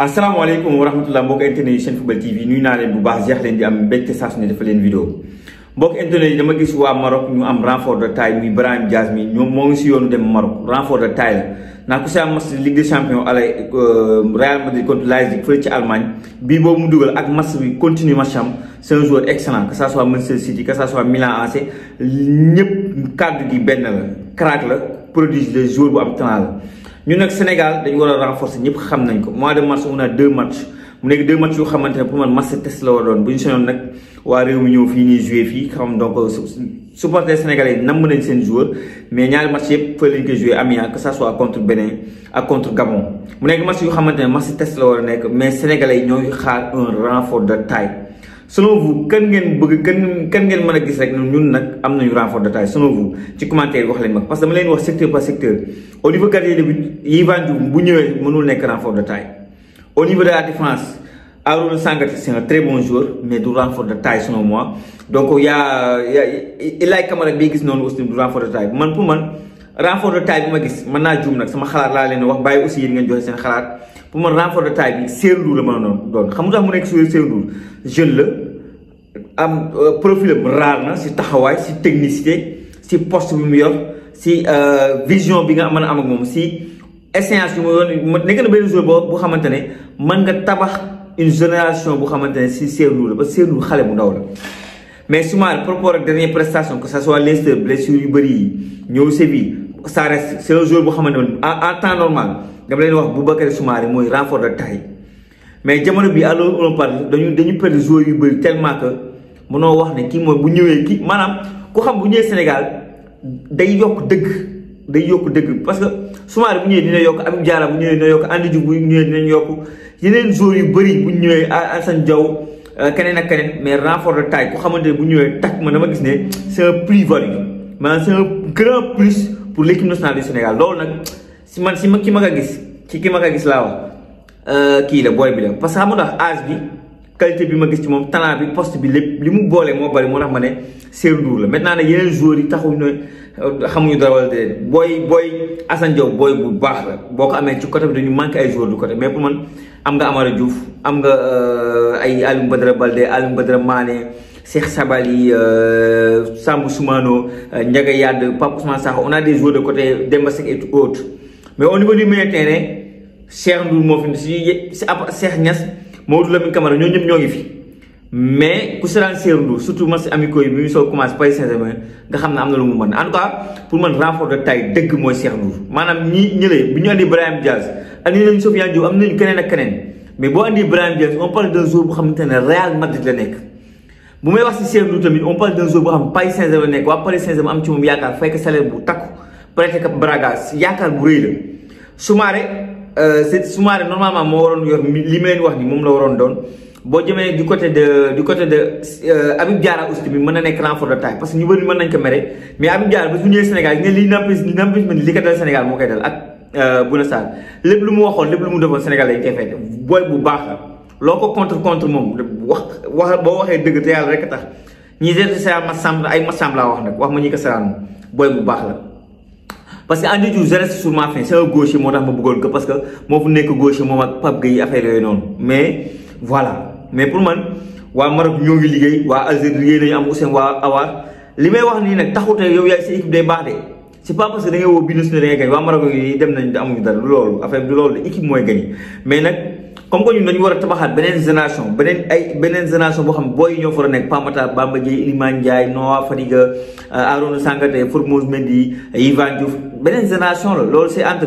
asalaamaaleykum wa rahmatulah mbokk internet yi chaîne football TV nuyu naa leen bu baax jeex leen di am mbégte saa su dafa leen vidéo mbokk internet yi dama gis waa Maroc ñu am renfort de taille muy Brahim Diaz ñoom moo ngi si yoonu dem Maroc renfort de taille la ndax ku si am match Ligue des Champions alay euh, Real Madrid contre Leipzig fële ci Allemagne bii boobu mu dugal ak match bi continue match am c'est excellent que ça soit Manchester City que ça ñëpp kàddu gi benn la crack la prodige bu am talent Nous au Sénégal dañu nous renforcer mois de mars on a deux matchs Nous avons deux matchs qui ont pour man match test la nous doon de euh, supporters sénégalais n'ont nañ seen joueurs. mais nous match pour fële Amiens que ça soit contre Bénin ou contre Gabon Nous nekk deux matchs xamante match test mais sénégalais ont un renfort de taille. selon vous kan ngeen bëgg kan kan ngeen mën a gis rek ñun nag am nañu renfort de taille selon vous ci commentaire wax leen mag parce que dama leen wax secteur par secteur au niveau gardien de but Yehvan Diouf bu ñëwee mënul nekk renfort de taille au niveau de la défense Arona Sangati c'est un très bon joueur mais du renfort de taille selon moi donc y a y a Camara bi gis noonu aussi du renfort de taille man pour man renfort de taille bi ma gis mën naa juum nag sama xalaat laa leen wax bàyyi aussi yéen ngeen joxe seen xalaat pour man renfort de taille bi Cherif Ndour la ma doon xam nga tax mu nekk su Cherif Ndour jeune la am euh, profil am raar na si taxawaay si technicité si poste bi mu yor si euh, vision bi nga mën a am ak moom si essence bi ma yoon nekk na benn jour boo xamante ne mën nga tabax une génération bu xamante ne si Cherif la ba Cherif Ndour xale bu ndaw la mais Soumaré par rapport ak dernière prestation que ça soit Leicester blessure yu bëri yi ñëw Séville ça reste c' est le joueur bu xamante ne en temps normal dama leen wax Boubakary Soumaré mooy renfort de taille mais jamono bi alors on parle dañu dañu perdre joueur yu bëri tellement mënoo wax ne kii mooy bu ñëwee kii maanaam ku xam bu ñëwee Sénégal day yokk dëgg day yokk dëgg parce que Soumaré bu ñëwee dina yokk Habib Diarra bu ñëwee dina yokk Andy Diouf bu ñëwee dinañ yokk yeneen joueurs yu bëri bu ñëwee Assane Diao Euh, keneen ak keneen mais renfort de taille ku xamante bu ñëwee takk ma dama gis ne c'est un plus value maanaam grand plus pour l'équipe nationale du Sénégal loolu nag si man si ma ki ma ko gis ci ki ma ko gis laa wax euh, kii la booy bi la parce que xam nga bi qualité bi ma gis ci moom talent bi post bi lépp li mu boole moo bari moo tax ma ne Seydou Ndour la naa nag yeneen joueurs yi taxu ne xamuñu dara wala déedéet booy booy Assane Diao booy bu baax la boo ko amee ci côté bi dañu manqué ay joueurs du côté mais pour man am nga Amara Diouf am nga euh, ay Alioune Badara Baldé Alioune Badara Mané Cheikh Sabali euh, Sambou Soumano euh, Ndiaga Yade Pape Ousmane Sakho on a des joueurs de côté Demba Seck et autres mais au niveau du milieu terrain Cheikh Ndour moo fi si Cheikh Niass ñoo ñëpp ñoo ngi fi. mais ku seetaan Cherou Ndour surtout match amicaux yi nga xam ne am na lu mu mën en tout cas pour man renfort de taille dëgg mooy Cherou Ndour maanaam ñi ñëlee bi ñu andi Brahim Diaz andi nañu Sofiane Diop am nañu keneen ak keneen mais boo andi Brahim Diaz on parle d'un joueur bu xamante ne Real Madrid la wax si Cherou Ndour tamit on parle d'un joueur boo xam Paris Saint-Germain la nekk waa Paris Saint-Germain am ci moom yaakaar fay ko salaire bu takku prêté ko Braga yaakaar bu rëy la Soumaré euh, c'est normalement moo waroon yor li ma leen wax ni moom la waroon doon boo jëmee di côté de du côté de euh, Habib Diarra aussi bi mën na nekk renfort de taille parce que ñu bëri mën nañ ko mere mais Habib Diarra ba su ñëwee Sénégal yi ne li Nampalys Nampalys li ko dal Sénégal moo koy dal ak euh, Bouna Sarr lépp lu mu waxoon lépp lu mu defoon Sénégal dañ koy fekk booy bu baax la loo ko contre contre moom wax wax boo waxee dëgg te yàlla rek a tax ñi def sa masam ay masam laa wax nag wax ma ñi ko saraan booy bu baax la que Andy Diouf je reste sur ma parce que moo fu nekk gaucher moom ak Pape Gueye affaire mais voilà mais pour man waa Maroc ñoo ngi liggéey waa Algérie liggéey nañu am Ousseyn waa Awar li may wax nii nag taxute yow yaay si équipe day baax de c'est pas parce que da woo bii na su ne da ngay gañ waa Maroc yi dem nañ amuñu dara du loolu affaire du loolu de équipe mooy gañ mais nag comme que ñun dañu war a tabaxaat beneen génération beneen ay beneen génération boo xam booy ñoo fa nekk Pamatar Bamba Dièye Iliman Ndiaye Noah Fadiga euh, Arouna Sangaté Formose Mendy Yvan Diouf beneen génération la loolu c'est entre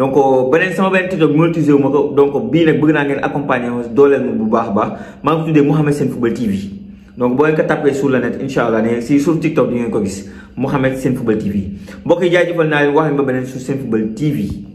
donc euh, beneen sama benn TikTok monétisé wu ma ko donc bii nag bëgg naa ngeen accompagner ma dooleel ma bu baax a baax maa ngi ko tuddee Mouhamed Sène Football TV donc boo ngeen ko tapé sur la net incha allah ne si sur TikTok di ngeen ko gis Mouhamed Sène Football TV mbokk yi jaajëfal naa leen wax leen ba beneen sur Sène Football TV.